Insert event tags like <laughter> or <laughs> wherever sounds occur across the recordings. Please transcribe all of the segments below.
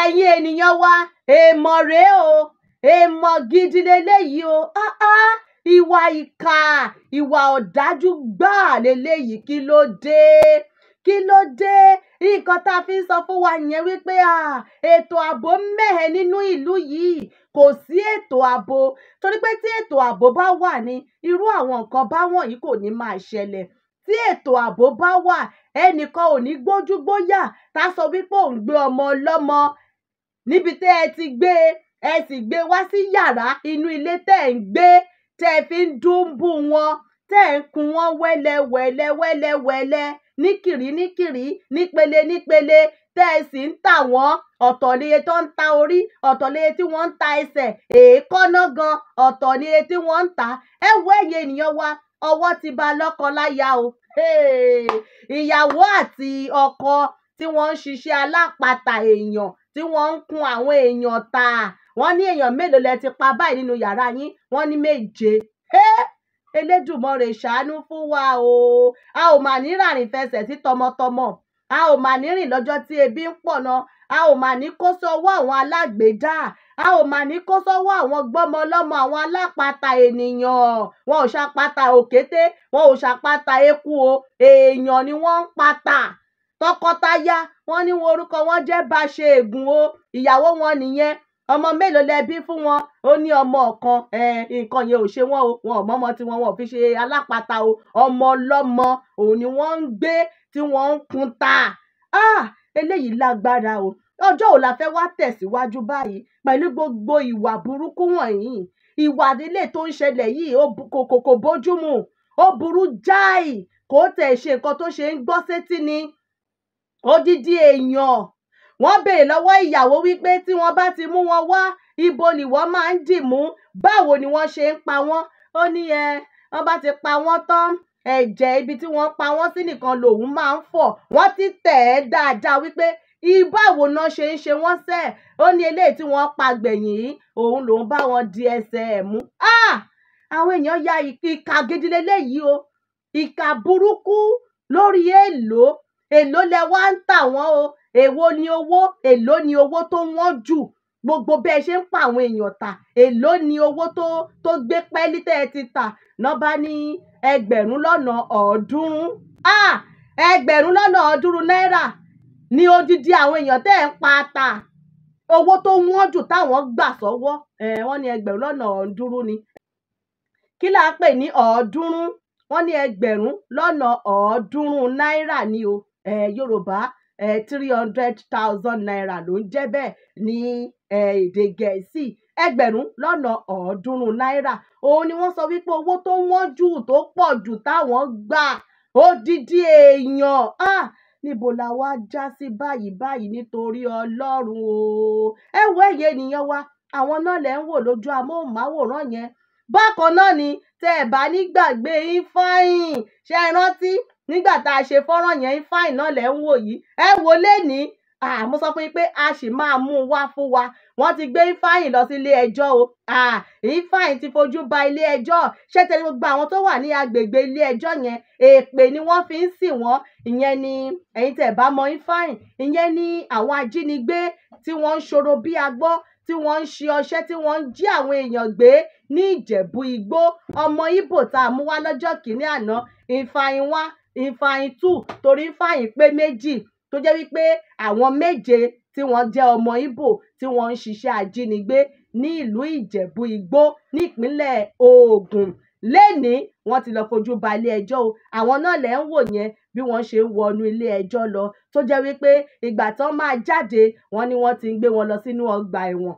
ẹ̀yin ènìyàn wa èèmọ̀ rèé o èèmọ̀ gidi leléyìí o ìwà ìkà ìwà ọ̀dájú gbáà leléyìí kí ló dé kí ló dé nǹkan tá a fi ń sọ fún wa yẹn wípé ètò ààbò mẹ́hẹ nínú ìlú yìí kò sí ètò ààbò torí pé tí ètò ààbò bá wà ní irú àwọn nǹkan báwọn yìí kò ní máa ṣẹlẹ̀ tí ètò ààbò bá wà ẹnìkan ò ní gbójúgbóyà tá a sọ wípé ò ń gbé ọmọ ọlọ́mọ níbi tẹ́ ẹ ti gbé e, ẹ sì gbé e wá sí yàrá inú ilé tẹ́ ẹ ń gbé tẹ́ ẹ fi ń dùnbù wọn tẹ́ ẹ ń kun wọn wẹ́lẹ́wẹ́lẹ́ wẹ́lẹ́wẹ́lẹ́ níkìrí níkìrí nípele nípele tẹ́ ẹ sì ń tà wọ́n ọ̀tọ̀ tó ń ta orí ọ̀tọ̀ tí wọ́n ń ta ẹsẹ̀ èékánná gan ọ̀tọ̀ tí wọ́n ń tà ẹ wo ẹ̀yẹ ènìyàn wa ọwọ́ ti ba lọ́kọ láya o ìyàwó àti ọkọ tí wọ́n ń ṣiṣẹ́ alápatà èèyàn tí wọ́n ń kun àwọn èèyàn ta wọ́n ní èèyàn mélòó lẹ ti pa báyìí nínú yàrá yín wọ́n ní méje Elédùmarè ṣàánú fún wa o a ò mà ní ràrìn fẹsẹ̀ sí tọmọtọmọ a ò mà ní rìn lọ́jọ́ tí ebi ń pọ̀ náà a ò mà ní kó sọ́wọ́ àwọn alágbèédá a ò mà ní kó sọ́wọ́ àwọn gbọ́mọlọ́mọ àwọn alápatà ènìyàn wọn ò ṣàpatà òkété wọn ò ṣàpatà eku o èèyàn ni wọ́n ń patà tọkọtaya wọn ní orúkọ wọn jẹ́ Báṣẹ́gun o ìyàwó wọn nìyẹn ọmọ mélòó lẹbí fún wọn ó ní ọmọ kan nǹkan yẹn ò ṣe wọn o wọn ò mọmọ tiwọn wọn ò fi ṣe alápatà o ọmọ ọlọ́mọ òun ni wọ́n ń gbé tí wọ́n ń kun ta ah! eléyìí lágbára o ọjọ́ ò la fẹ́ wá tẹ̀síwájú báyìí pẹ̀lú gbogbo ìwà burúkú wọ̀nyí ìwà nílé tó ń ṣẹlẹ̀ yìí kò bójúmu ó burú jáì kò tẹ̀ ṣe nǹkan tó ṣe ń gbọ́ sétí ni odidi èèyàn wọ́n béèrè lọ́wọ́ ìyàwó wípé tí wọ́n bá ti mú wọn wá ibo ni wọ́n máa ń dì mú báwo ni wọ́n ṣe ń pa wọ́n ó ní ẹ wọ́n bá ti pa wọ́n tán ẹ̀jẹ̀ ibi tí wọ́n pa wọ́n sí nìkan lòun máa ń fọ̀ wọ́n ti tẹ̀ ẹ́ dáadáa wípé ìbáwo náà ṣe ń ṣe wọ́n sẹ́ ó ní eléyìí tí wọ́n pa gbẹ̀yìn òun lòún bá wọn di ẹsẹ̀ ẹ̀ mú. àwọn èèyàn ya ìka gidi lélẹ́yìí o ìka burúkú lórí èèlò èèlò lẹ wá ń tà wọ́n o èwo ni owó èèlò ni owó tó wọ́n jù gbogbo bẹ́ẹ̀ ṣe ń pa àwọn èèyàn ta èèlò ni owó tó tó gbé pẹ́ẹ́lí tẹ́ ẹ ti tà náà ní ẹgbẹ̀rún lọ́nà ọ̀ọ́dúnrún ẹgbẹ̀rún lọ́nà ọ̀ọ́dúnrún náírà ní odidi àwọn èèyàn tẹ́ ẹ̀ ń pa ata owó tó wọ́n jù táwọn gbà sọ́wọ́ wọ́n ní ẹgbẹ̀rún lọ́nà ọ̀ọ́dúnrún ni kí là ń pè ní ọ̀ọ́dúnrún wọ́n ní ẹgbẹ̀rún lọ́nà ọ̀ọ́dúnrún náírà ni o Yorùbá three hundred thousand naira ló ń jẹ́ bẹ́ẹ̀ ní èdè Gẹ̀ẹ́sì ẹgbẹ̀rún lọ́nà ọ̀ọ́dúnrún náírà òun ni wọ́n sọ wípé owó tó wọ́n jù tó pọ̀ jù táwọn gbà odidi èèyàn ah, níbo la wá já sí báyìí báyìí nítorí ọlọ́run o ẹ wo ẹ̀yẹ ènìyàn wa àwọn náà lẹ̀ ń wò lójú amóhùnmáwòrán yẹn bákan náà ni tẹ́ ẹ̀ bá ní gbàgbé ifeanyi ṣe é rántí nígbà tá a ṣe fọ́nrán yẹn ifeanyi náà lẹ̀ ń wò yìí ẹ wò lẹ́nìí mo sọ fún yín pé a sì máa mú un wá fún wa wọ́n ti gbé ifeanyi lọ sí ilé ẹjọ́ o ifeanyi ti fojú ba ilé ẹjọ́ ṣé tẹ̀lé gbogbo àwọn tó wà ní agbègbè ilé ẹjọ́ yẹn èpè ni wọ́n fi ń sìn wọ́n ìyẹn ni ẹ̀yin tẹ́ bá mọ̀ ifeanyi ìyẹn ni àwọn ajínigbé tí wọ́n ń ṣòro bí agbọ́ tí wọ́n ń ṣe ọṣẹ́ tí wọ́n ń jí àwọn èèyàn gbé ní ìjẹ̀bú igbó ọmọ ibo tá a mú wá lọ́jọ́ kìíní àná ìfàyín wá ìfàyín tù torí ìfàyín pé méjì tó jẹ́ wípé àwọn méje tí wọ́n jẹ́ ọmọ Ìgbò tí wọ́n ń ṣiṣẹ́ ajínigbé ní ìlú Ìjẹ̀bú Igbó nípínlẹ̀ Ògùn lẹ́ni wọ́n ti lọ fojú ba ilé-ẹjọ́ o àwọn náà lẹ̀ ń wò yẹn bí wọ́n ṣe ń wọnú ilé-ẹjọ́ lọ tó jẹ́ wípé ìgbà tán máa jáde wọ́n ní wọ́n ti ń gbé wọn lọ sínú ọgbà ẹ̀wọ̀n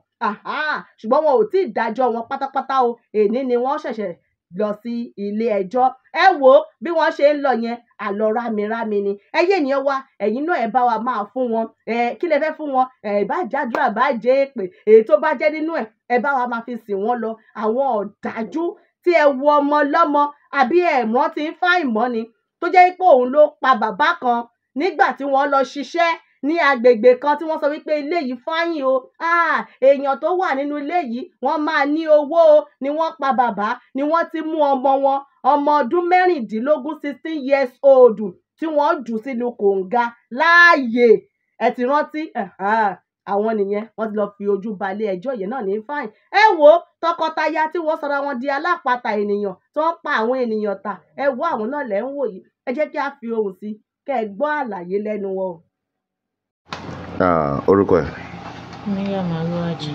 ṣùgbọ́n wọn ò tí ì dájọ́ wọn pátápátá o èní ni wọ́n ṣẹ̀ṣẹ̀ lọ sí ilé ẹjọ́ ẹ wo bí wọ́n ṣe ń lọ yẹn àlọ́ rámirámi ni ẹyẹ ènìyàn wa ẹ̀yin náà ẹ bá wa máa fún wọn ẹ kí lẹ fẹ́ fún wọn ẹ bá jádùá bá jẹ́ èpè èyí tó bá jẹ́ nínú ẹ̀ ẹ bá wa máa fi sìn wọ́n lọ àwọn ọ̀dájú tí ẹ wo ọmọ lọ́mọ àbí ẹ̀mọ́ ti ń fá ìmọ́ ni tó jẹ́ pé òun ló pa bàbá kan nígbà tí wọ́n lọ ṣiṣẹ́ ní agbègbè kan tí wọ́n sọ wípé ilé yìí fáyìn o ah, èèyàn tó wà nínú ilé yìí wọ́n máa ní owó o ni wọ́n pa bàbá ni wọ́n ti mú ọmọ wọn ọmọ ọdún mẹ́rìndínlógún sixteen years old tí wọ́n jù sínú kòǹga láàyè ẹ ti rántí àwọn nìyẹn wọ́n ti lọ fi ojú balẹ̀ ẹjọ́ yẹn náà ní fáìn ẹ wo tọkọtaya tí wọ́n sọra wọn di alápatà ènìyàn tó ń pa àwọn ènìyàn ta ẹ wo àwọn náà lẹ ń wò yìí ẹ jẹ́ kí a fi ohùn sí kẹ́ ẹ gbọ́ àlàyé lẹ́nu wọn orúkọ ẹ̀. Mariam Aruaji.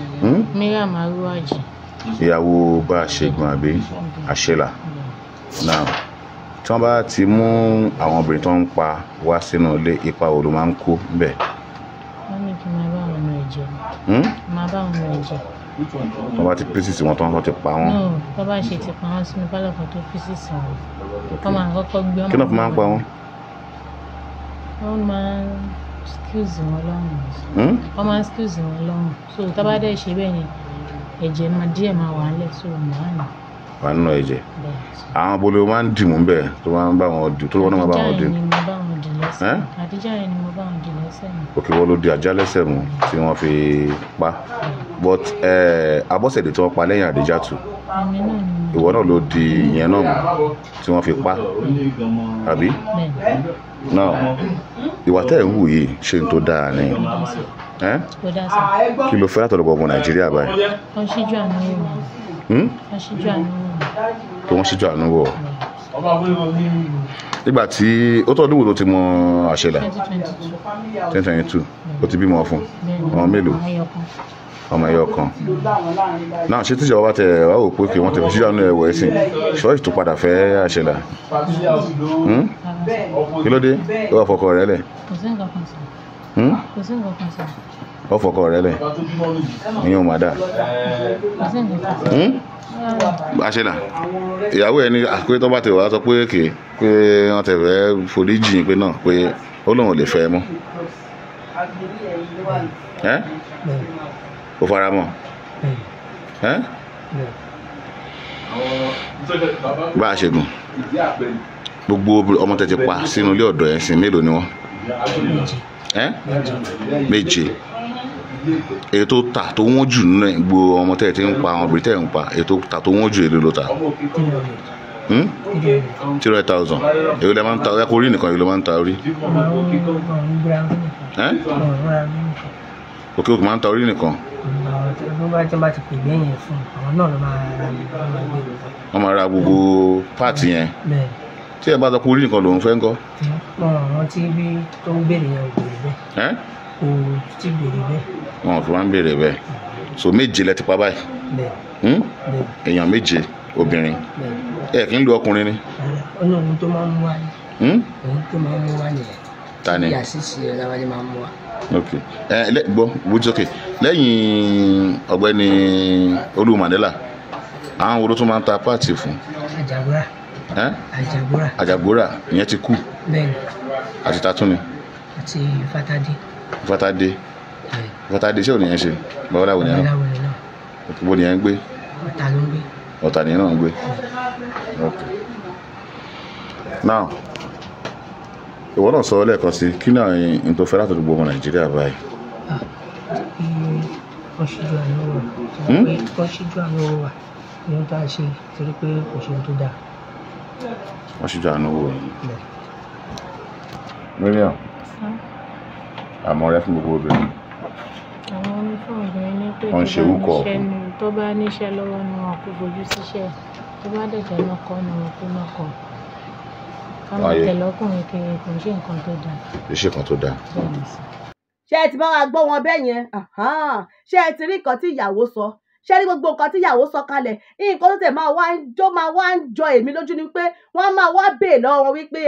Mariam hmm? Aruaji. ìyàwó bá a ṣègùn àbí àṣẹlà náà tí wọ́n bá ti mú àwọn obìnrin tó ń pa wá sínú ilé ipa wo ló máa ń kó bẹ́ẹ̀. wọ́n ní kí n máa bá àwọn ọmọ ẹ̀jẹ̀. Hmm? máa bá àwọn ọmọ ẹ̀jẹ̀ tó bá ti pieces wọn tó ń ti pa wọn. tó bá ṣe ti pa wọn sínú pálọ̀ kan tó pieces wọn. tó máa kọ́kọ́ gbé ọmọ. kí náà fi máa ń pa wọn. wọ́n máa skills wọn lọ́rùn hmm? wọ́n máa ń skills wọn lọ́rùn so tá bá dẹ̀ ṣe bẹ́ẹ̀ yẹn ẹ̀jẹ̀ máa díẹ̀ máa wà nílẹ̀ so màá nà. wà nínú ẹ̀jẹ̀ àwọn abolo máa ń dì mú bẹ́ẹ̀ tó máa ń bá wọn dì tó wọn máa bá wọn dì. àdíjà yẹn ni mo bá wọn dì lẹ́sẹ̀ mi. òkè wọ́n ló di àjá lẹ́sẹ̀ mu tí wọ́n fi pa but eh, abọ́sẹ̀dé tí wọ́n pa lẹ́yìn àdíjà tù ìwọ náà ló di ìyẹn náà mú tí wọ́n fi pa àbí now ìwà tẹ́ ẹ̀ ń wù yìí ṣe ń tó dáa ni kí ló fẹ́ látọ̀dọ̀ gbọ̀ngàn nàìjíríà báyìí. wọ́n ṣíjú àánú wò. Hmm? wọ́n ṣíjú àánú wò nígbà tí ó tọ́dún wo ló ti mọ àṣẹlà twenty twenty two ó ti bímọ fún ọmọ mélòó ọmọ ẹyọ kan náà ṣé tíjọba bá tẹ wá wò pé kí wọ́n tẹ fi ṣíṣàánú ẹ̀wọ̀ ẹ̀sìn ṣọ́ọ̀ṣì tó padà fẹ́ àṣẹlà hmm? kí ló dé ó wà fọkọ rẹ lẹ̀ ó hmm? fọkọ rẹ lẹ̀ ìyẹn ò má dà hmm? àṣẹlà ìyàwó ẹni pé tó bá tẹ wá sọ pé kì í pé wọ́n tẹ fẹ́ foríjì pé náà pé ó lóun ò lè fẹ́ mọ́ o fara mọ́ bá a ṣe gùn gbogbo ọmọ tẹ̀tẹ̀ pa sínú ilé ọ̀dọ̀ ẹ̀ sìn mélòó ni wọ́n méje èyí tó ta tó wọ́n jù nínú gbogbo ọmọ tẹ̀tẹ̀ ń pa ọmọ bìrìtẹ̀ ń pa èyí tó ta tó wọ́n jù èlò ló ta three thousand èyí lè máa ń ta orí nìkan èyí lè máa ń ta orí òkè òkè máa ń ta orí nìkan. tó bá ti pè lẹ́yìn ẹ̀ fún àwọn náà ló máa ra mi ló máa gbé mi. wọ́n máa ra gbogbo páàtì yẹn. tí ẹ bá sọ pé orí nìkan lòún fẹ́ ń kọ́. mo ràn wọ́n tí bí tó ń béèrè yẹn ò béèrè bẹ́ẹ̀. kò tí béèrè bẹ́ẹ̀. wọn ò fi máa ń béèrè bẹ́ẹ̀ so méje lẹ ti pa báyìí. Hmm? èèyàn méje obìnrin ẹ kì í lu ọkùnrin ni. ọ̀nà òun tó máa ń mú wa ni. òun hmm? tó máa ń mú wa nìyẹn. ta ni. ìyá sísè ẹ̀ lábàjẹ́ máa ń mú wa ok eh, ẹ ẹ gbọ́ wújú ok lẹ́yìn ọ̀gbẹ́ni olú mandela àwọn wo ló tún máa ń ta páàtì fún. àjàgbóra. ẹ àjàgbóra. àjàgbóra ìyẹn ti kú. bẹ́ẹ̀ni. àti tatúni. àti fatade. fatade. fatade ṣé òní yẹn ṣe babaláwo ni yẹn. babaláwo ni náà. òtún bó ni yẹn ń gbé. ọ̀tà ló ń gbé. ọ̀tà ni yẹn náà ń gbé. ok now ìwọ náà sọ lẹ́ẹ̀kan sí kí náà n tó fẹ́ látọ̀dọ̀ gbogbo nàìjíríà báyìí. Ah, mm, kọ́síjú àánú wà hmm? kọ́síjú àánú wà ni wọ́n tá a ṣe torí pé kò ṣe ohun tó dáa. kọ́síjú àánú wà. Miriam àmọ́ rẹ fún gbogbo obìnrin. àwọn onífọ̀n obìnrin ní pé tó bá níṣẹ́ ni tó bá níṣẹ́ lọ́wọ́ ni wọn kò fojú síṣẹ́ tó bá dẹ̀jẹ̀ náà ni wọn kò náà kọ́ ká máa tẹ̀lé ọkùnrin kiri kò ṣe nǹkan tó dáa. kò ṣe nǹkan tó dáa. ṣé ẹ ti bá wa gbọ́ wọn bẹ́ẹ̀ yẹn ṣé ẹ ti rí nǹkan tí ìyàwó sọ ṣé ní gbogbo nǹkan tí ìyàwó sọ kalẹ̀ nǹkan tó tẹ̀ máa wá ń jọ máa wá ń jọ èmi lójú ni pé wọ́n máa wá bèè lọ́wọ́ wípé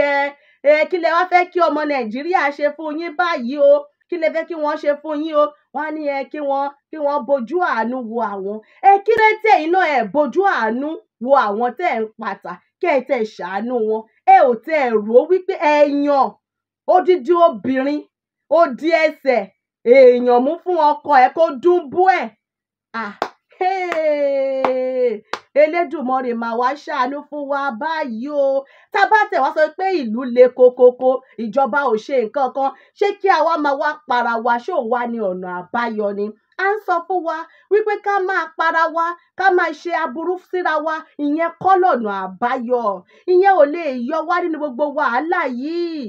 ẹ kí lẹ wá fẹ́ kí ọmọ nàìjíríà ṣe fún yín báyìí o kí lẹ fẹ́ kí wọ́n ṣe fún yín o wọ́n á ní ẹ kí wọ́n kí wọ́n bojú àánú wo àwọn ẹ kí lẹ́tẹ̀ iná ẹ bojú àánú wo àwọn tẹ́ ẹ̀ ń pàtà kẹ́ ẹ tẹ́ ṣàánú wọn ẹ ò tẹ ẹ rò ó wípé ẹyàn odidi obìnrin ó di ẹsẹ̀ èèyàn mú fún ọkọ ẹ kó dún bú ẹ elédùnmọ̀rè máa wá ṣàánú fún wa báyìí o tá a bá tẹ̀ wá sọ pé ìlú le kokoko ìjọba ò ṣe nǹkan kan ṣé kí àwa máa wá para wa ṣó wà ní ọ̀nà àbáyọ ni à ń sọ fún wa wípé ká máa para wa ká máa ṣe aburú síra wa ìyẹn kọ́ lọ̀nà àbáyọ ìyẹn ò lè yọ wá nínú gbogbo wàhálà yìí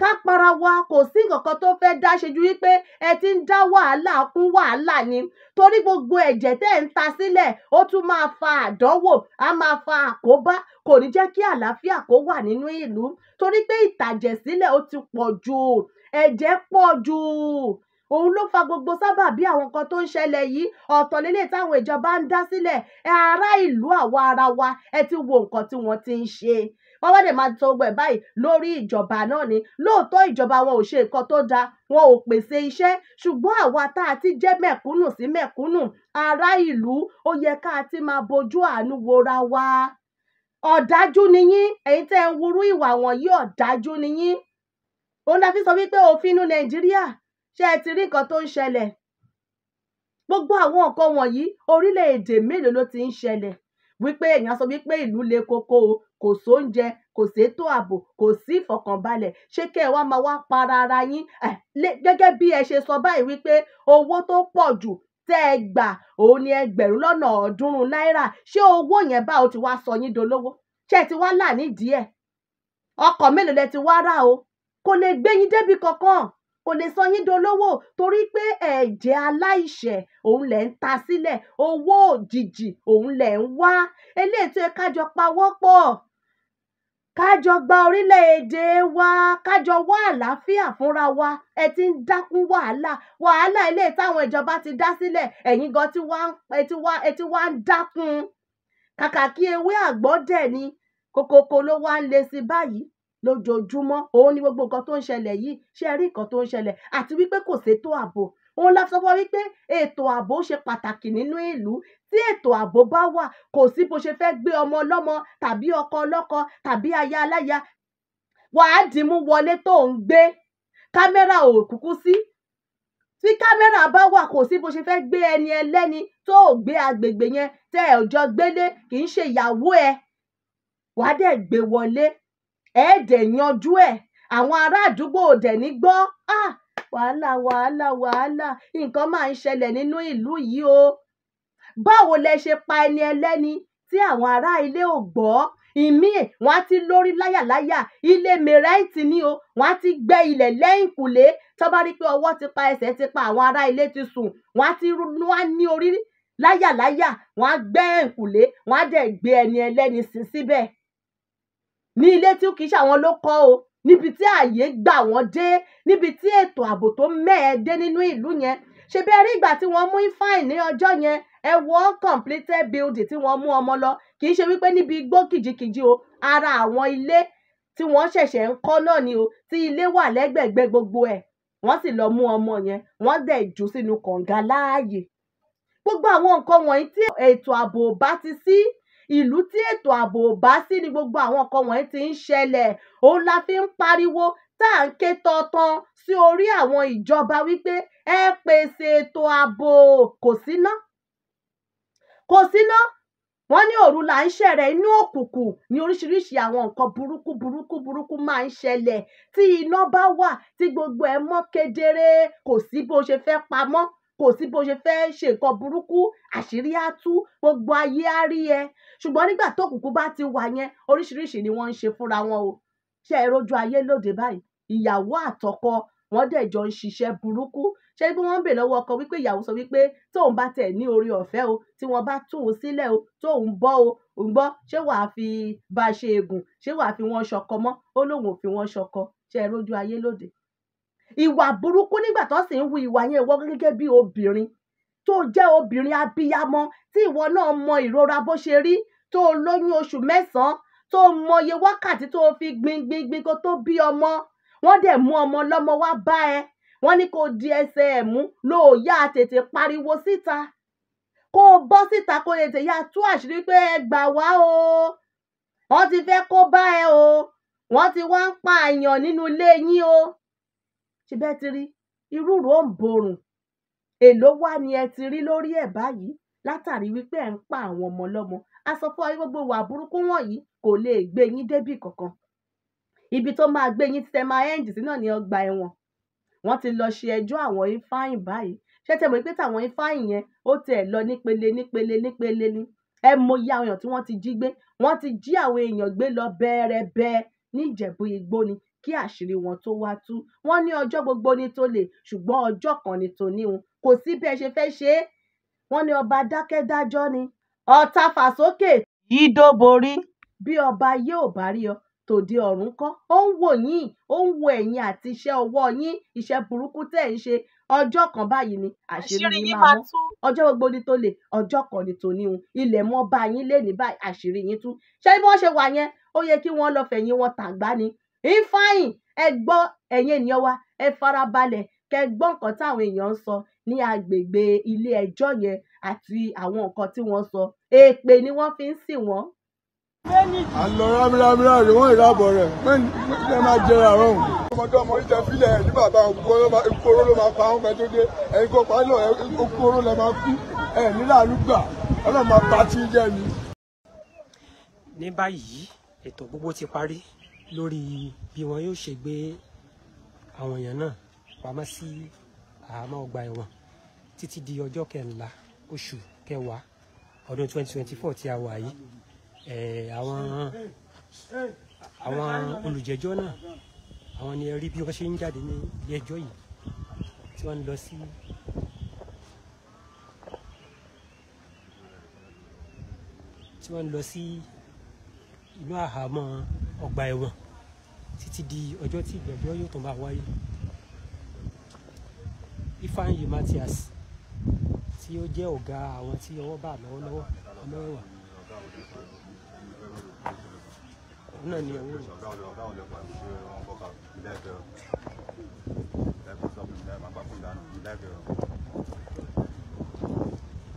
ká para wa kò sí nǹkan tó fẹ́ dá ṣe ju wípé ẹ ti ń dá wàhálà kún wàhálà ni torí gbogbo ẹ̀jẹ̀ tẹ́ ń ta sílẹ̀ ó tún máa fa àdánwò á máa fa àkóbá kò ní jẹ́ kí àlàáfíà kó wà nínú ìlú torí pé ìtàjẹ̀sílẹ̀ ó ti pọ̀ jù ẹ̀jẹ̀ pọ̀ jù òun ló fa gbogbo sábàbí àwọn nǹkan tó ń ṣẹlẹ̀ yìí ọ̀tọ̀ lélẹ̀ táwọn ìjọba ń dá sílẹ̀ ará ìlú àwa ara wa ẹ ti wo nǹkan tí wọ́n ti ń ṣe wọ́n wá dẹ̀ máa tọ ọgbẹ́ báyìí lórí ìjọba náà ni lóòótọ́ ìjọba wọn ò ṣe nǹkan tó dáa wọn ò pèsè iṣẹ́ ṣùgbọ́n àwa tá a ti jẹ́ mẹ̀kúnnù sí mẹ̀kúnnù ará ìlú ó yẹ ká ti máa bojú àánú wora wa ọ̀dájú ni yín ẹ̀yin tẹ́ ń wúrú ìwà wọ̀nyí ọ̀dájú ni yín òun la fi sọ wípé òfin inú Nàìjíríà ṣé ẹ ti rí nǹkan tó ń ṣẹlẹ̀ gbogbo àwọn nǹkan wọ̀nyí orílẹ̀-èdè mélòó ló ti ń ṣẹlẹ̀ wípé èèyàn sọ wípé ìlú le koko o kò sóúnjẹ kò sétò ààbò kò sí ìfọ̀kànbalẹ̀ ṣé kẹ́ ẹ wá máa wá para ara yín eh, gẹ́gẹ́ bí ẹ ṣe sọ báyìí wípé owó tó pọ̀ jù tẹ́ ẹ gbà òun ni ẹgbẹ̀rún lọ́nà ọ̀ọ́dúnrún náírà ṣé owó yẹn bá o ti wá sọ yín dolówó ṣé ẹ ti wá là nídìí ẹ̀ ọkọ̀ mélòó lẹ ti wá rà o kò lè gbé yín débi kankan kò lè sọ yín dolówó torí pé ẹ̀jẹ̀ aláìṣẹ̀ òun lẹ̀ ń ta sílẹ̀ owó òjijì òun lẹ̀ ń wá eléyìí tó yẹ kájọ pawọ́pọ̀ kájọ gba orílẹ̀-èdè wa kájọ wá àlàáfíà fúnra wa ẹ ti ń dákún wàhálà wàhálà eléyìí táwọn ìjọba ti dá sílẹ̀ ẹ̀yin gan ti wá ẹ ti wá ń dákún kàkà kí ewé àgbọ̀dẹ̀ ni kòkòkò ló wá ń le sí báyìí lójoojúmọ́ òun ni gbogbo nǹkan tó ń ṣẹlẹ̀ yìí ṣé ẹ rí nǹkan tó ń ṣẹlẹ̀ àti wípé kò ṣètò ààbò òun la sọ fún wípé ètò ààbò ṣe pàtàkì nínú ìlú tí ètò ààbò bá wà kò sí bó ṣe fẹ́ gbé ọmọ ọlọ́mọ tàbí ọkọ ọlọ́kọ tàbí aya aláya wàá dìímú wọlé tó ń gbé kámẹ́rà ò kúkú sí tí kámẹ́rà bá wà kò sí bó ṣe fẹ́ gbé ẹni ẹlẹ́ni tó gbé agbègbè yẹn tẹ́ ẹ̀ ọjọ́ gbélé kì í ṣe ìyàwó ẹ̀ wàá dẹ̀ gbé wọlé ẹ dẹ̀ yanjú ẹ̀ àwọn ará àdúgbò ò dẹ̀ ní gbọ́ wàhálà wàhálà wàhálà nǹkan máa ń ṣẹlẹ̀ nínú ìlú yìí o báwo lẹ ṣe pa ẹni ẹlẹ́ni tí àwọn ará ilé ò gbọ́ ìmí ẹ̀ wọ́n á ti lórí láyàláyà ilé mẹ́rẹ́ẹ̀tì ni o wọ́n á ti gbẹ́ ilẹ̀ lẹ́yìnkùlé tó bá rí pé ọwọ́ ti pa ẹsẹ̀ ti pa àwọn ará ilé ti sùn wọ́n á ti wọ́n ní orí láyàláyà wọ́n á gbẹ́ ẹ̀yìnkùlé wọ́n á dẹ̀ gbé ẹni ẹlẹ́ni sí síbẹ̀ ní ilé tí kì í ṣe àwọn ló kọ́ o níbi tí ààyè gbà wọ́n dé níbi tí ètò ààbò tó mẹ́ẹ̀ dé nínú ìlú yẹn ṣe bẹ́ẹ̀ rí ìgbà tí wọ́n mú ifeanyi ní ọjọ́ yẹn ẹ wọ completed building tí wọ́n mú ọmọ lọ kì í ṣe wípé níbi igbó kìjikìji o ara àwọn ilé tí wọ́n ṣẹ̀ṣẹ̀ ń kọ́ náà ni o tí ilé wà lẹ́gbẹ̀gbẹ́ gbogbo ẹ̀ wọ́n sì lọ mú ọmọ yẹn wọ́n dẹ̀ jù sínú kànga láàyè gbogbo àwọn nǹkan wọ̀nyí tí ètò ààbò bá ti sí ìlú tí ètò ààbò ò bá sí ni gbogbo àwọn nǹkan wọ̀nyí ti ń ṣẹlẹ̀ òun la fi ń pariwo tá à ń ké tọ́tán sí orí àwọn ìjọba wípé ẹ pèsè ètò ààbò kò síná kò síná wọ́n ní òru là ń ṣẹ̀rẹ̀ inú òkùnkùn ní oríṣiríṣi àwọn nǹkan burúkú burúkú burúkú máa ń ṣẹlẹ̀ tí iná bá wà tí gbogbo ẹ̀ mọ́ kedere kò sí bó ṣe fẹ́ pamọ́ kò sí bó ṣe fẹ́ ṣe nǹkan burúkú àṣírí á tú gbogbo ayé á rí ẹ ṣùgbọ́n nígbà tó kùkùn bá ti wà yẹn oríṣiríṣi ni wọ́n ń ṣe fúnra wọn o ṣe é rojú ayé lóde báyìí ìyàwó àtọkọ wọ́n dẹ̀ jọ ń ṣiṣẹ́ burúkú ṣé bí wọ́n ń bè lọ́wọ́ ọkọ wípé ìyàwó sọ wípé tóun bá tẹ̀ ní orí ọ̀fẹ́ o tí wọ́n bá tún un sílẹ̀ o tóun bọ́ o ń gbọ́ ṣé wàá fi bá a ṣe ègùn ṣé wàá fi wọ́n ṣọkọ mọ́ ó lóun ò fi wọ́n ṣọkọ ṣe é rojú ayé lóde ìwà burúkú nígbà tó sì ń hu ìwà yẹn ìwọ gẹ́gẹ́ bí obìnrin tó jẹ́ obìnrin abiyamọ tí ìwọ náà mọ ìrora bó ṣe rí tó lóyún oṣù mẹ́sàn-án tó mọye wákàtí tó fi gbingbingbin kó tó bí ọmọ wọ́n dẹ̀ mú ọmọ lọ́mọ wá bá ẹ wọ́n ní kó di ẹsẹ̀ ẹ̀ mú lóòyà tètè pariwo síta kó o bọ́ síta kó lè tèyà tú àṣírí pé ẹ gbà wá o wọ́n ti fẹ́ kó bá ẹ o wọ́n ti wá ń pa nínú ilé yín o ṣùgbọ́n ẹ ti rí irú rò ń borùn èló wá ni ẹ ti rí lórí ẹ̀ báyìí látàrí wípé ẹ̀ ń pa àwọn ọmọ lọ́mọ a sọ fún ọ gbogbo ìwà burúkú wọ̀nyí kò lè gbé yín débì kankan ibi tó máa gbé yín títẹ máa ẹ́ǹdì sí náà ní ọgbà ẹ̀wọ̀n wọ́n ti lọ ṣe ẹjọ́ àwọn ifáyìn báyìí ṣé tẹ̀ mọ̀ pé tàwọn ifáyìn yẹn ó tẹ̀ lọ nípele nípele nípele ní ẹ mọyì àwọn èèyàn tí wọ́n ti jí gbé wọ́n ti jí àwọn èèyàn gbé lọ bẹ́ẹ̀rẹ̀ bẹ́ẹ̀ níjẹ̀bú igbó ni kí àṣírí wọn tó wá tú wọ́n ní ọjọ́ gbogbo ni tó lè ṣùgbọ́n ọjọ́ kan ni tó níhun kò sí bí ẹ ṣe fẹ́ ṣe é wọ́n ní ọba dákẹ́dájọ́ ni ọ̀tá fàsókè yìí dóborí bí ọba yé ò bá rí ọ tòde ọ̀run kọ́ ó ń wò yín ó ń wo ẹ̀yìn àti iṣẹ́ ọwọ́ yín iṣẹ́ burúkú tẹ̀ ń ṣe ọjọ́ kan báyìí ni àṣírí yín máa mọ́ ọjọ́ gbogbo ni tó lè ọjọ́ kan ni tòní hun ilẹ̀ mọ́ bá yín lé ní báyìí àṣírí yín tú ṣé bí wọ́n ṣe wà yẹn ó yẹ kí wọ́n lọ fẹ̀yìn wọn tàgbá ni Ifeanyi ẹ gbọ́ ẹ̀yin ènìyàn wa ẹ farabalẹ̀ kẹ́ gbọ́ nǹkan táwọn èèyàn ń sọ ní agbègbè ilé ẹjọ́ yẹn àti àwọn nǹkan tí wọ́n sọ èèpè ni wọ́n fi ń sìn wọ́n. àlọ́ rámírámírá rẹ̀ wọ́n ìrábọ̀ rẹ̀ mẹ́rin máa jẹrà ọ̀hún. ọmọdé ọmọ ìjà fílẹ̀ ní bàbá òkúoró ló máa pa àwọn ọmọdé dé ẹ̀yin kò pa á lọ òkúoró lẹ máa kú ẹ̀ níláàánú gbà ọlọ́run máa pa tí ń jẹ́ mi. ní báyìí ètò gbogbo ti parí lórí bí wọn yóò ṣe gbé àwọn èèyàn náà pamọ́ sí àhámọ́ ọgbà ẹ̀wọ̀n títí di ọjọ́ kẹrìnlá oṣù kẹwàá ọdún 2024 tí a wà yìí àwọn àwọn olùjẹ́jọ́ náà àwọn ni ẹ rí bí wọ́n ṣe ń jáde ní ẹjọ́ yìí tí wọ́n ń lọ sí tí wọ́n lọ sí inú àhámọ́ ọgbà ẹ̀wọ̀n títí di ọjọ́ tí ìgbẹ̀jọ́ yóò tún bá wáyé Ifeanyi Matthias tí ó jẹ́ ọ̀gá àwọn tí ọwọ́ bá lọ́wọ́lọ́wọ́ ọmọwà òun náà ni ọwọ́ rẹ̀.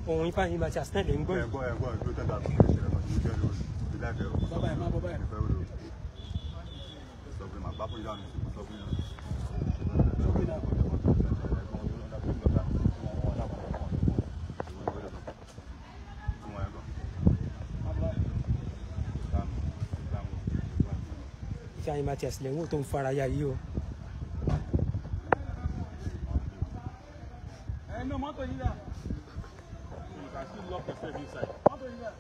ohun Ifeanyi Matthias náà lè ń gbọ́ yìí. bàbá ẹ̀ má bọ́ báyìí lápòjá mi sì mo sọ fún yín. tí àyìnbá tó ń faraya yìí o. ẹnu mọ́tò yìí dà. you can still lock yourself inside. mọ́tò yìí dà.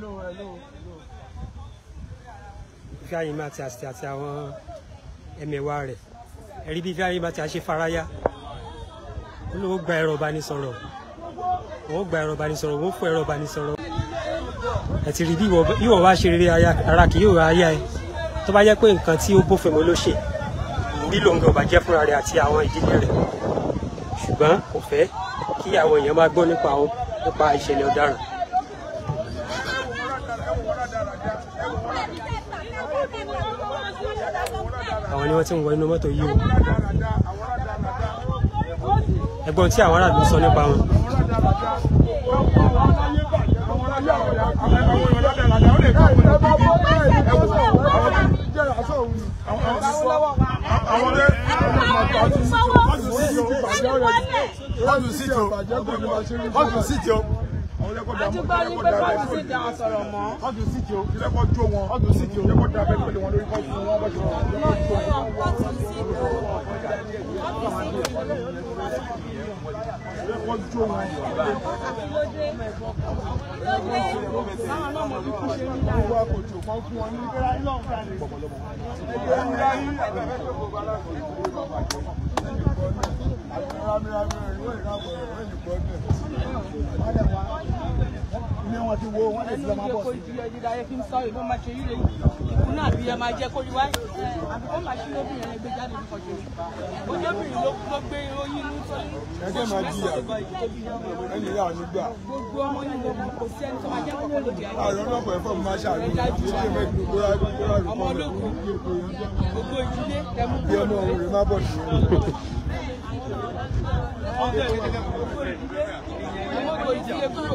hello hello hello. Ifá Yemí àti àti àti àwọn ẹ̀mẹ̀wà rẹ̀ ẹ̀rí bí Ifá Yemí àti àṣẹ faraya ó ló gba ẹ̀rọ ìbánisọ̀rọ̀ wọ́n gba ẹ̀rọ ìbánisọ̀rọ̀ wọ́n fọ ẹ̀rọ ìbánisọ̀rọ̀ ẹ ti rí bí ìwọ wá ṣe rere ara kì yóò ráyà ẹ tó bá jẹ́ pé nǹkan tí ó bófin mu ló ṣe bí lòun ò bá jẹ́ fúnra rẹ̀ àti àwọn ìdílé rẹ̀ ṣùgbọ́n kò fẹ́ kí àwọn èèyàn máa gbọ́ nípa ìṣẹ̀lẹ̀ ọ̀daràn àwọn ni wọ́n ti ń wọ inú mọ́tò yìí o ẹ̀gbọ́n tí àwọn aráàlú sọ nípa wọn. Wọ́n tún sí tí àtúgbà ní pé kọ́ọ̀tù sì jà wọn sọ̀rọ̀ mọ́. kọ́ọ̀tù sì jò ìlẹ́kọ̀ọ́ jó wọn kọ́ọ̀tù sì jò ìlẹ́kọ̀ọ́ dá abẹ́ pẹ̀lú wọn lórí kọ́ọ̀tù wọn bọ́ jù wọn. ìlẹ́kọ̀ọ́ jó wọn. ìwà kò jò kan fún wọn ní ìgbéra ilé ọ̀hún fúnra rẹ̀. ìgbéra ilé ẹgbẹ́ fẹ́ tó gbogbo alákòóso. àti rámírámí ìwé ìrànwọ́ ìwé ìgbọ́dẹ̀ ilé wọn ti wo wọn lè fi ọmọ bọ̀ sí. ẹgbẹ́ máa jí àgbẹ̀ ẹni ìyá mi gbà. gbogbo ọmọ yìí ló kò sí ẹni tó máa jẹ́ kókó lòdì àyè. àrùn náà pẹ̀lú ọmọ ológun gbogbo ìdílé tẹ̀mú kúrò lórí ìdílé kúrò.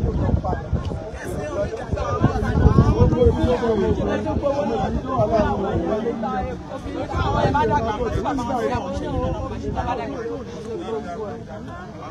Thank you.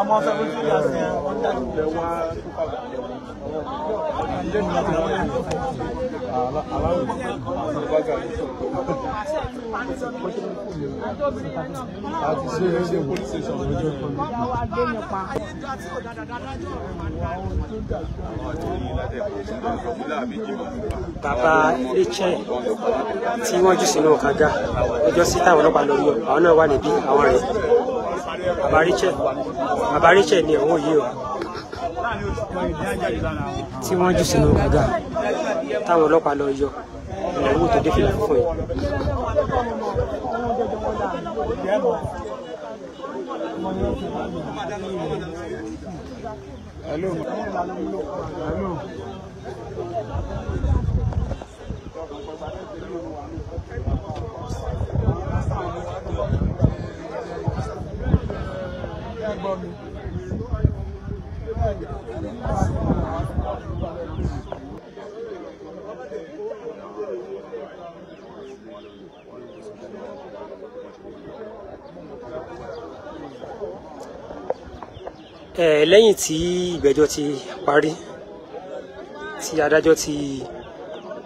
ọmọ seventy years yẹn wọ́n dájú ilẹ̀ wá ilé mi láti wọ́n yẹn aláwọ̀ ìbága àti ṣe é ṣe police station lọ́jọ́ kan. bàbá hn tí wọ́n jù sínú ọ̀kadà ọjọ́ sí táwọn ọlọ́pàá lórí ọ̀ àwọn náà wà níbí àwọn rẹ̀ àbáríṣẹ́ àbáríṣẹ́ ni ẹ̀wọ̀n yìí o tí wọ́n jù sínú kànga táwọn ọlọ́pàá lọ yọ ìyàwó tó dé fìlà fún yìí. Hello. Hello. mi. Eh, lẹ́yìn tí ìgbẹ́jọ́ ti parí tí adájọ́ ti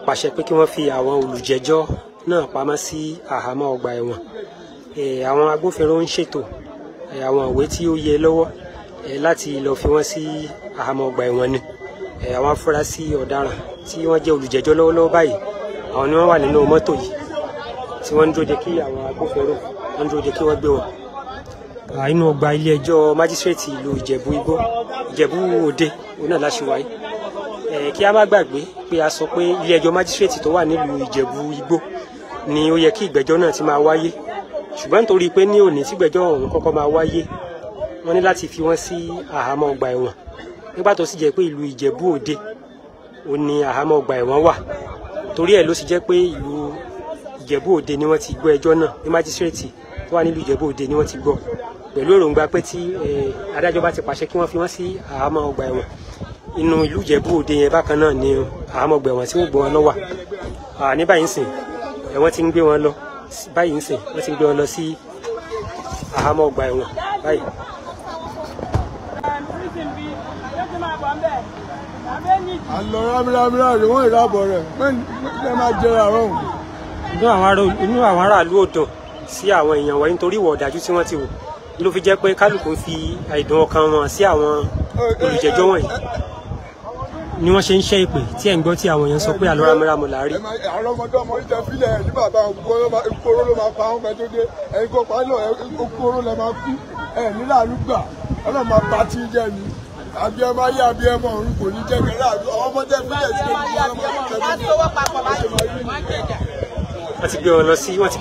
pàṣẹ pé kí wọ́n fi àwọn olùjẹ́jọ́ náà pamọ́ sí àhámọ́ ọgbà ẹ̀wọ̀n eh, àwọn agbófinró ń ṣètò Eh, àwọn ìwé tí ó yẹ lọ́wọ́ eh, láti lọ́ọ́ fi wọ́n sí àhámọ́ ọgbà ẹ̀wọ̀n ni eh, àwọn afurasí ọ̀daràn tí wọ́n jẹ́ olùjẹ́jọ́ lọ́wọ́lọ́wọ́ báyìí àwọn ni wọ́n wà nínú mọ́tò yìí tí wọ́n ń dúró de kí àwọn agbófinró wọ́n ń dúró de kí wọ́n gbé wọn. Ah, inú ọgbà ilé ẹjọ́ májísírèètì ìlú ìjẹ̀bú igbó ìjẹ̀bú òde òun náà láṣẹ wáyé kí a má gbàgbé pé a sọ pé ilé ẹjọ́ májísírèètì tó wà nílùú ìjẹ̀bú igbó ni ó yẹ kí ìgbẹ́jọ́ náà ti máa wáyé ṣùgbọ́n nítorí pé ní òní sígbẹ́jọ́ ọ̀hún kọ́kọ́ máa wáyé wọ́n ní láti fi wọ́n sí àhámọ́ ọgbà ẹ̀wọ̀n nígbà tó sì jẹ́ pé ìlú Ìjẹ̀bú Òde ò ní àhámọ́ ọgbà ẹ̀wọ̀n wà torí ẹ̀ ló sì jẹ́ pé ìlú Ìjẹ̀bú Òde ni wọ́n ti gbọ́ ẹjọ́ náà ní májísírèètì tó wà nílùú Ìjẹ̀bú Òde ni wọ́n ti gbọ́ pẹ̀lú èròǹgbà pé tí adájọ́ bá ti pàṣẹ kí wọ́n fi wọ́n sí àhámọ́ ọgbà ẹ̀wọ̀n inú ìlú Ìjẹ̀bú Òde yẹn bákan náà ni àhámọ́ ọgbà ẹ̀wọ̀n tí wọ́n gbé wọn lọ wà ní sìn ẹ̀wọ̀n ti ń gbé wọn lọ báyìí ń sìn wọ́n ti ń gbé wọn lọ sí àhámọ́ ọgbà ẹ̀wọ̀n báyìí. àlọ́ rámírámírá rẹ̀ wọ́n ìrábọ̀ rẹ̀ mẹ́rin máa jẹrà rọrùn. inú àwọn aráàlú ò dùn sí àwọn èèyàn wọ̀nyí nítorí ìwà ọ̀dájú tí wọ́n ti wò ló fi jẹ́ pé kálukú fi àìdùn ọkàn wọn sí àwọn olùjẹ́jọ́ wọ̀nyí ni wọ́n ṣe ń ṣe ìpè tí ẹ̀ ń gbọ́ tí àwọn èèyàn sọ pé àlọ́ ramúramù rí. àwọn ọmọdé ọmọ ìjà fílẹ̀ ní bàbá òkúoró ló máa pa àwọn ọmọdé dé ẹ̀yin kò pa lọ òkúoró lè máa kú ẹ̀ nílà àlùgbà ọlọ́run máa pa tí ń jẹ́ ni àbí yé àbí òun kò ní jẹ́ kẹrẹ ọmọdé fílẹ̀ sí wọ́n ti wọn lọ sí wọ́n ti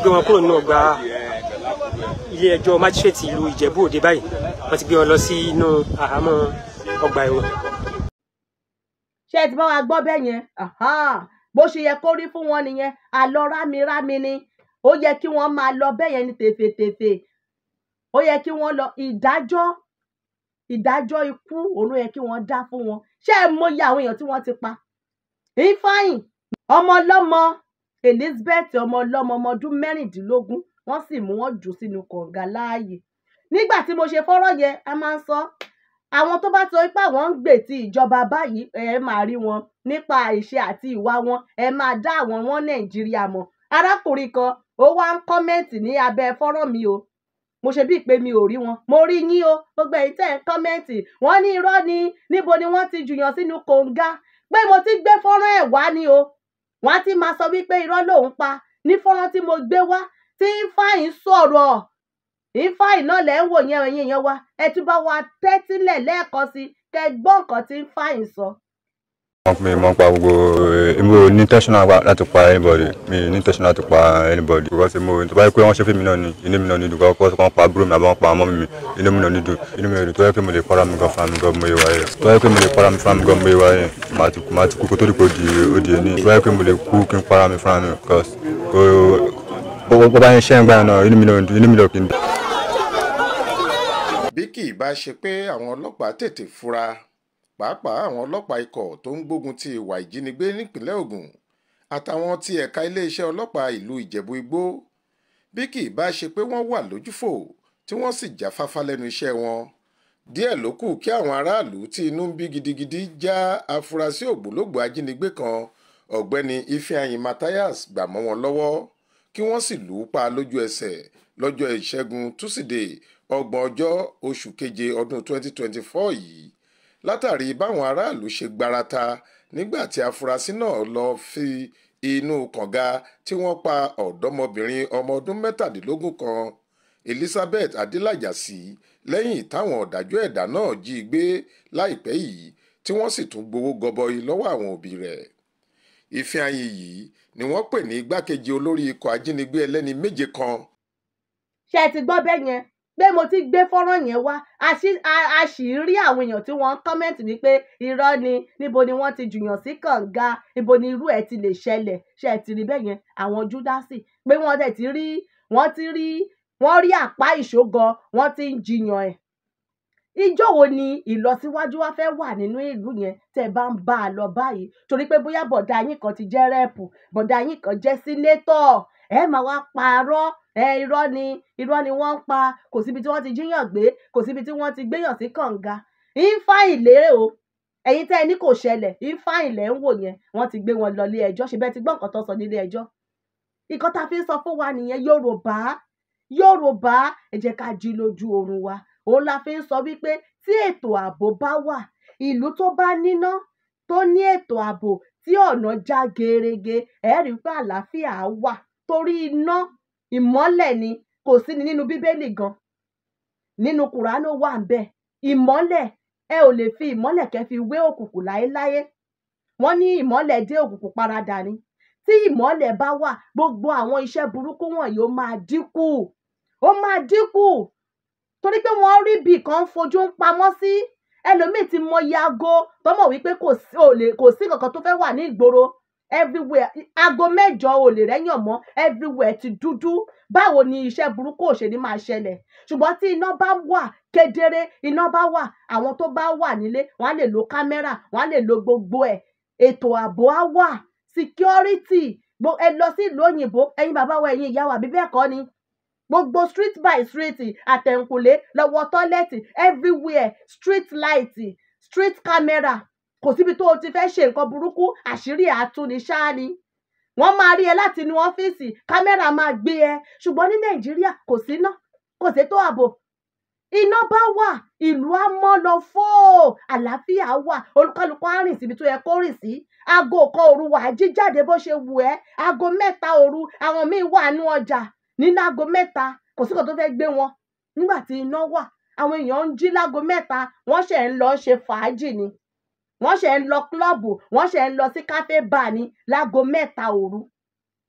ilé ẹjọ́ májísrèètì ìlú Ìjẹ̀bú Òde báyìí wọ́n ti gbé wọn lọ sí inú àhámọ́ ọgbà ẹ̀wọ̀n ṣé ẹ ti bá wa gbọ́ bẹ́ẹ̀ yẹn bó ṣe yẹ kó rí fún wọn nìyẹn àlọ́ rámirámi ni ó yẹ kí wọ́n máa lọ bẹ́ẹ̀ yẹn ní tèfètèfè ó yẹ kí wọ́n lọ ìdájọ́ ìdájọ́ ikú òun ló yẹ kí wọ́n dá fún wọn ṣé ẹ mọyì àwọn èèyàn tí wọ́n ti pa Ifeanyi ọmọ Elizabeth ọmọ ọlọ́mọ ọmọ ọdún mẹ́rìndínlógún wọ́n sì mú wọn jù sínú kànga láàyè nígbà tí mo ṣe fọ́rọ̀ yẹn a máa ń sọ àwọn tó bá sọ pé àwọn ń gbètì ìjọba báyìí ẹ máa rí wọn nípa ìṣe àti ìwà wọn ẹ máa dá àwọn wọn nàìjíríà mọ̀ arákùnrin kan ó wá ń kọ́mẹ̀ntì ní abẹ́ fọ́nrán mi o mo ṣe bíi pé mi ò rí wọn mo rí yín o gbogbo èyí tẹ́ ẹ̀ kọ́mẹ̀ntì wọ́n ní irọ́ ni níbo ni wọ́n ti jùyàn sínú kòǹga pé mo ti gbé fọ́nrán ẹ̀ wá ni o wọ́n á ti máa sọ wípé irọ́ lòun pa ní fọ́nrán tí mo gbé wá tí fáyín sọ̀rọ̀ Ifeanyi náà lẹ̀ ń wò yẹn ẹ̀yin èèyàn wa ẹ tún bá wa tẹ́tílẹ̀ lẹ́ẹ̀kan sí kẹ́ gbọ́ nǹkan tí Ifeanyi sọ. wọ́n pè mo pa gbogbo èmi eh, ò láti pa anybody mi ò ní láti pa anybody because mo tó bá yẹ pé wọ́n ṣe fíìmù náà ni inú mi náà ní dùn kọ́ kọ́ pa búrò mi àbọ̀ pa ọmọ mi inú mi náà ní dùn inú mi náà ní dùn tó yẹ pé mo lè para mi gan fami gan mo yẹ wáyé tó yẹ pé mo lè para mi fami gan mo yẹ wáyé màá ti kú kó tó dìpọ̀ di òdì ẹni tó yẹ pé mo lè kú kí n para mi fami because oh, bó bá yẹn ṣẹ́ ń gbà náà inú mi náà kì í dùn bí kì í bá ṣe pé àwọn ọlọ́pàá tètè fura pàápàá àwọn ọlọ́pàá ikọ̀ tó ń gbógun ti ìwà ìjínigbé nípìnlẹ̀ Ògùn àtàwọn ti ẹ̀ka iléeṣẹ́ ọlọ́pàá ìlú Ìjẹ̀bú Igbó bí kì í bá ṣe pé wọ́n wà lójúfò tí wọ́n sì jáfáfá lẹ́nu iṣẹ́ wọn díẹ̀ ló kù kí àwọn aráàlú tí inú ń bí gidigidi já afurasí ògbólógbòó ajínigbé kan ọ̀gbẹ́ni Ifeanyi Matthias gbà mọ́ wọn lọ́wọ́ kí wọ́n sì lù ú pa lójú ẹsẹ̀ lọ́jọ́ ìṣẹ́gun túsídẹ̀ẹ́ ọgbọ̀n ọjọ́ oṣù keje ọdún 2024 yìí látàrí báwọn aráàlú ṣe gbarata nígbà tí afurasí náà lọ fi inú kànga tí wọ́n pa ọ̀dọ́mọbìnrin ọmọ ọdún mẹ́tàdínlógún kan Elizabeth Adélájà sí lẹ́yìn táwọn ọ̀dájọ́ ẹ̀dá náà jí gbé láìpẹ́ yìí tí wọ́n sì tún gbowó gọbọi lọ́wọ́ àwọn òbí rẹ̀. Ifeanyi yìí ni wọ́n pè ní igbákejì olórí ikọ̀ ajínigbé ẹlẹ́ni méje kan. ṣé ẹ ti gbọ́ bẹ́ẹ̀ yẹn pé mo ti gbé fọ́nrán yẹn wá a sì rí àwọn èèyàn tí wọ́n ń kọ́mẹ́ǹtì wípé irọ́ ni níbo ni wọ́n ti jùyàn sí kànga ibo ni irú ẹ̀ ti lè ṣẹlẹ̀ ṣé ẹ ti rí bẹ́ẹ̀ yẹn àwọn júdásì pé wọ́n ti rí wọ́n ti rí wọ́n rí àpá ìṣógan wọ́n ti ń jiyàn ẹ̀ ìjọ wo ni ìlọsíwájú wa fẹ́ wà nínú ìlú yẹn tẹ́ ẹ bá ń bá a lọ báyìí torí pé bóyá bọ̀dá yín kan ti jẹ́ rẹ́ẹ̀pù bọ̀dá yín kan jẹ́ sínétọ̀ ẹ máa wá parọ́ ẹ irọ́ ni irọ́ ni wọ́n ń pa kò síbi tí wọ́n ti jíyàn gbé kò síbi tí wọ́n ti gbéyàn sí kànga ìfá ìlérè o ẹ̀yin tẹ́ ẹ ní kò ṣẹlẹ̀ ìfá ilẹ̀ ń wò yẹn wọ́n ti gbé wọn lọ ilé ẹjọ́ ṣe bẹ́ẹ̀ ti gbọ́ nǹkan tó sọ nílé ẹjọ́ ìkan tá a fi ń sọ fún wa nìyẹn Yorùbá Yorùbá ẹ jẹ́ ká jí lójú oorun wa òun la fi ń sọ wípé tí ètò ààbò bá wà ìlú tó bá níná tó ní ètò ààbò tí ọ̀nà já gerege ẹ rí i pé àlàáfíà á wà torí iná ìmọ́lẹ̀ ni kò sí ni nínú bíbélì gan nínú kùránù wà ń bẹ ìmọ́lẹ̀ ẹ ò lè fi ìmọ́lẹ̀ kẹ́ fi wé òkùnkùn láéláé wọ́n ní ìmọ́lẹ̀ dé òkùnkùn paradà ni tí ìmọ́lẹ̀ bá wà gbogbo àwọn iṣẹ́ burúkú wọ̀nyí ó máa dínkù ó máa dínkù torí pé wọ́n rí bí kan fojú ń pamọ́ sí ẹlòmíì ti mọ iye aago tọmọ wípé kò sí kankan tó fẹ́ wà ní ìgboro everywhere aago mẹ́jọ ò lè rẹ́yàn everywhere ti dúdú báwo ni iṣẹ́ burúkú ò ṣe ní máa ṣẹlẹ̀ ṣùgbọ́n tí iná bá wà kedere iná bá wà àwọn tó bá wà nílé wọ́n á lè lo kámẹ́rà wọ́n á lè lo gbogbo ẹ̀ ètò ààbò á wà security ẹ lọ sí ìlú òyìnbó ẹ̀yin bàbá wa ẹ̀yin ìyá wa àbí bẹ́ẹ̀ kọ́ ni gbogbo street by street àtẹ̀kùnlé lọ́wọ́ tọ́lẹ̀tì everywhere street light street camera kò síbi tó o ti fẹ́ ṣe nǹkan burúkú àṣírí àtúni ṣáá ni wọ́n máa rí ẹ láti inú ọ́fíìsì kámẹ́rà máa gbé ẹ ṣùgbọ́n ní nàìjíríà kò síná kò sétò ààbò iná bá wà ìlú á mọ́ lọ fọ́ àlàáfíà wà olúkálùkù á rìn síbi tó yẹ kó rìn sí aago kan òru wà á jí jáde bó ṣe wù ẹ́ aago mẹ́ta òru àwọn míín wà nú ọjà ní láago mẹ́ta kò sí kò tó fẹ́ẹ́ gbé wọn nígbà tí iná wà àwọn èèyàn ń jí láago mẹ́ta wọ́n ṣẹ̀ ń lọ ṣe fàájì ni wọ́n ṣẹ̀ ń lọ klọ́ọ̀bù wọ́n ṣẹ̀ ń lọ sí káfé bá ni láago mẹ́ta òru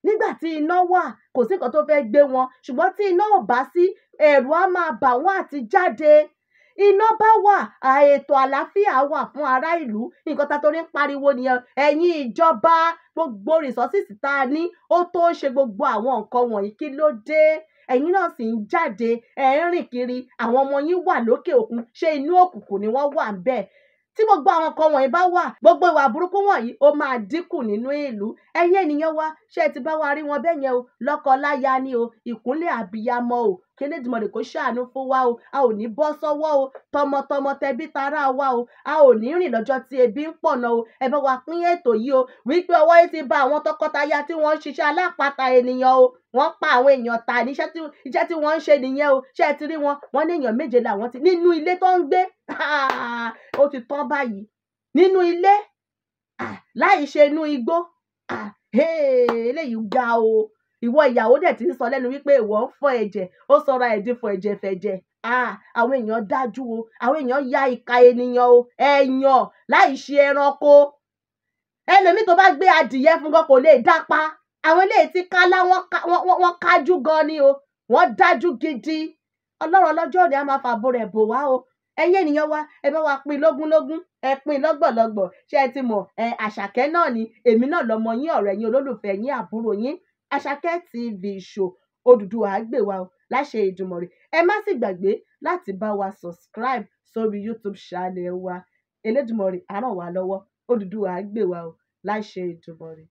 nígbà tí iná wà kò sí kò tó fẹ́ẹ́ gbé wọn ṣùgbọ́n tí iná ò bá sí ẹ̀rù á máa bà wọ́n àti jáde iná bá wà ètò àlàáfíà wà fún ará ìlú nǹkan tá a torí ń pariwo nìyẹn ẹ̀yin ìjọba gbogbo rìsọ́sìsì tá a ní ó tó ṣe gbogbo àwọn nǹkan wọ̀nyí kí ló dé ẹ̀yin náà sì ń jáde ẹ̀ ń rìn kiri àwọn ọmọ yín wà lókè òkun ṣé inú òkùnkùn ni wọ́n wà ń bẹ̀ tí gbogbo àwọn nǹkan wọ̀nyí bá wà gbogbo ìwà burúkú wọ̀nyí ó máa dínkù nínú ìlú ẹ̀yin ènìyàn wa ṣé ti bá wa rí wọn bẹ́ẹ̀ yẹn o lọ́kọ láya ni o ìkúnlẹ̀ àbíyamọ o kélédìmọ̀lè kó ṣàánú fún wa o a ò ní bọ́ sọ́wọ́ o tọmọtọmọ tẹbí tará wa o a ò ní rìn lọ́jọ́ tí ebi ń pọ̀nà o ẹ bá wa pín ètò yìí o wípé ọwọ́ yìí ti ba àwọn tọkọtaya tí wọ́n ń ṣiṣẹ́ alápatà ènìyàn o wọ́n pa àwọn èèyàn ta ní iṣẹ́ tí wọ́n ń ṣe nìyẹn o ṣé ẹ ti rí wọn wọ́n ní èèyàn méje làwọn ti nínú ilé tó ń gbé <laughs> ó ti tán báyìí nínú ilé láì ṣe inú igbó eléyìí ga o ìwọ ìyàwó dẹ̀ ti ń sọ lẹ́nu wípé ìwọ ń fọ ẹ̀jẹ̀ ó sọra ẹ̀dín fọ ẹ̀jẹ̀ fẹ̀jẹ̀ àwọn èèyàn dájú o àwọn èèyàn ya ìka ènìyàn o ẹ̀yàn láì ṣe ẹranko ẹlòmíì tó bá gbé adìyẹ fún gan kò lè dápa àwọn eléyìí ti kálá wọ́n kájú gan ni o wọ́n dájú gidi ọlọ́run ọlọ́jọ́ òní a máa fàbọ̀ rẹ̀ bò wá o ẹ̀yin ènìyàn wa ẹ bá wa pín lógúnlógún ẹ pín lọ́gbọ̀lọ́gbọ̀ ṣé ẹ ti mọ̀ ẹ àṣàkẹ́ náà ni èmi náà lọmọ yín ọ̀rẹ́ yín olólùfẹ́ yín àbúrò yín àṣàkẹ́ tv show Odùduwà gbè wá o láṣẹ Èdùmàrè ẹ má sì gbàgbé láti bá wa subscribe sórí youtube channel wa Elédùmarè á ràn wá lọ́wọ́ Odùduwà gbè wá o láṣẹ Èdùmàrè.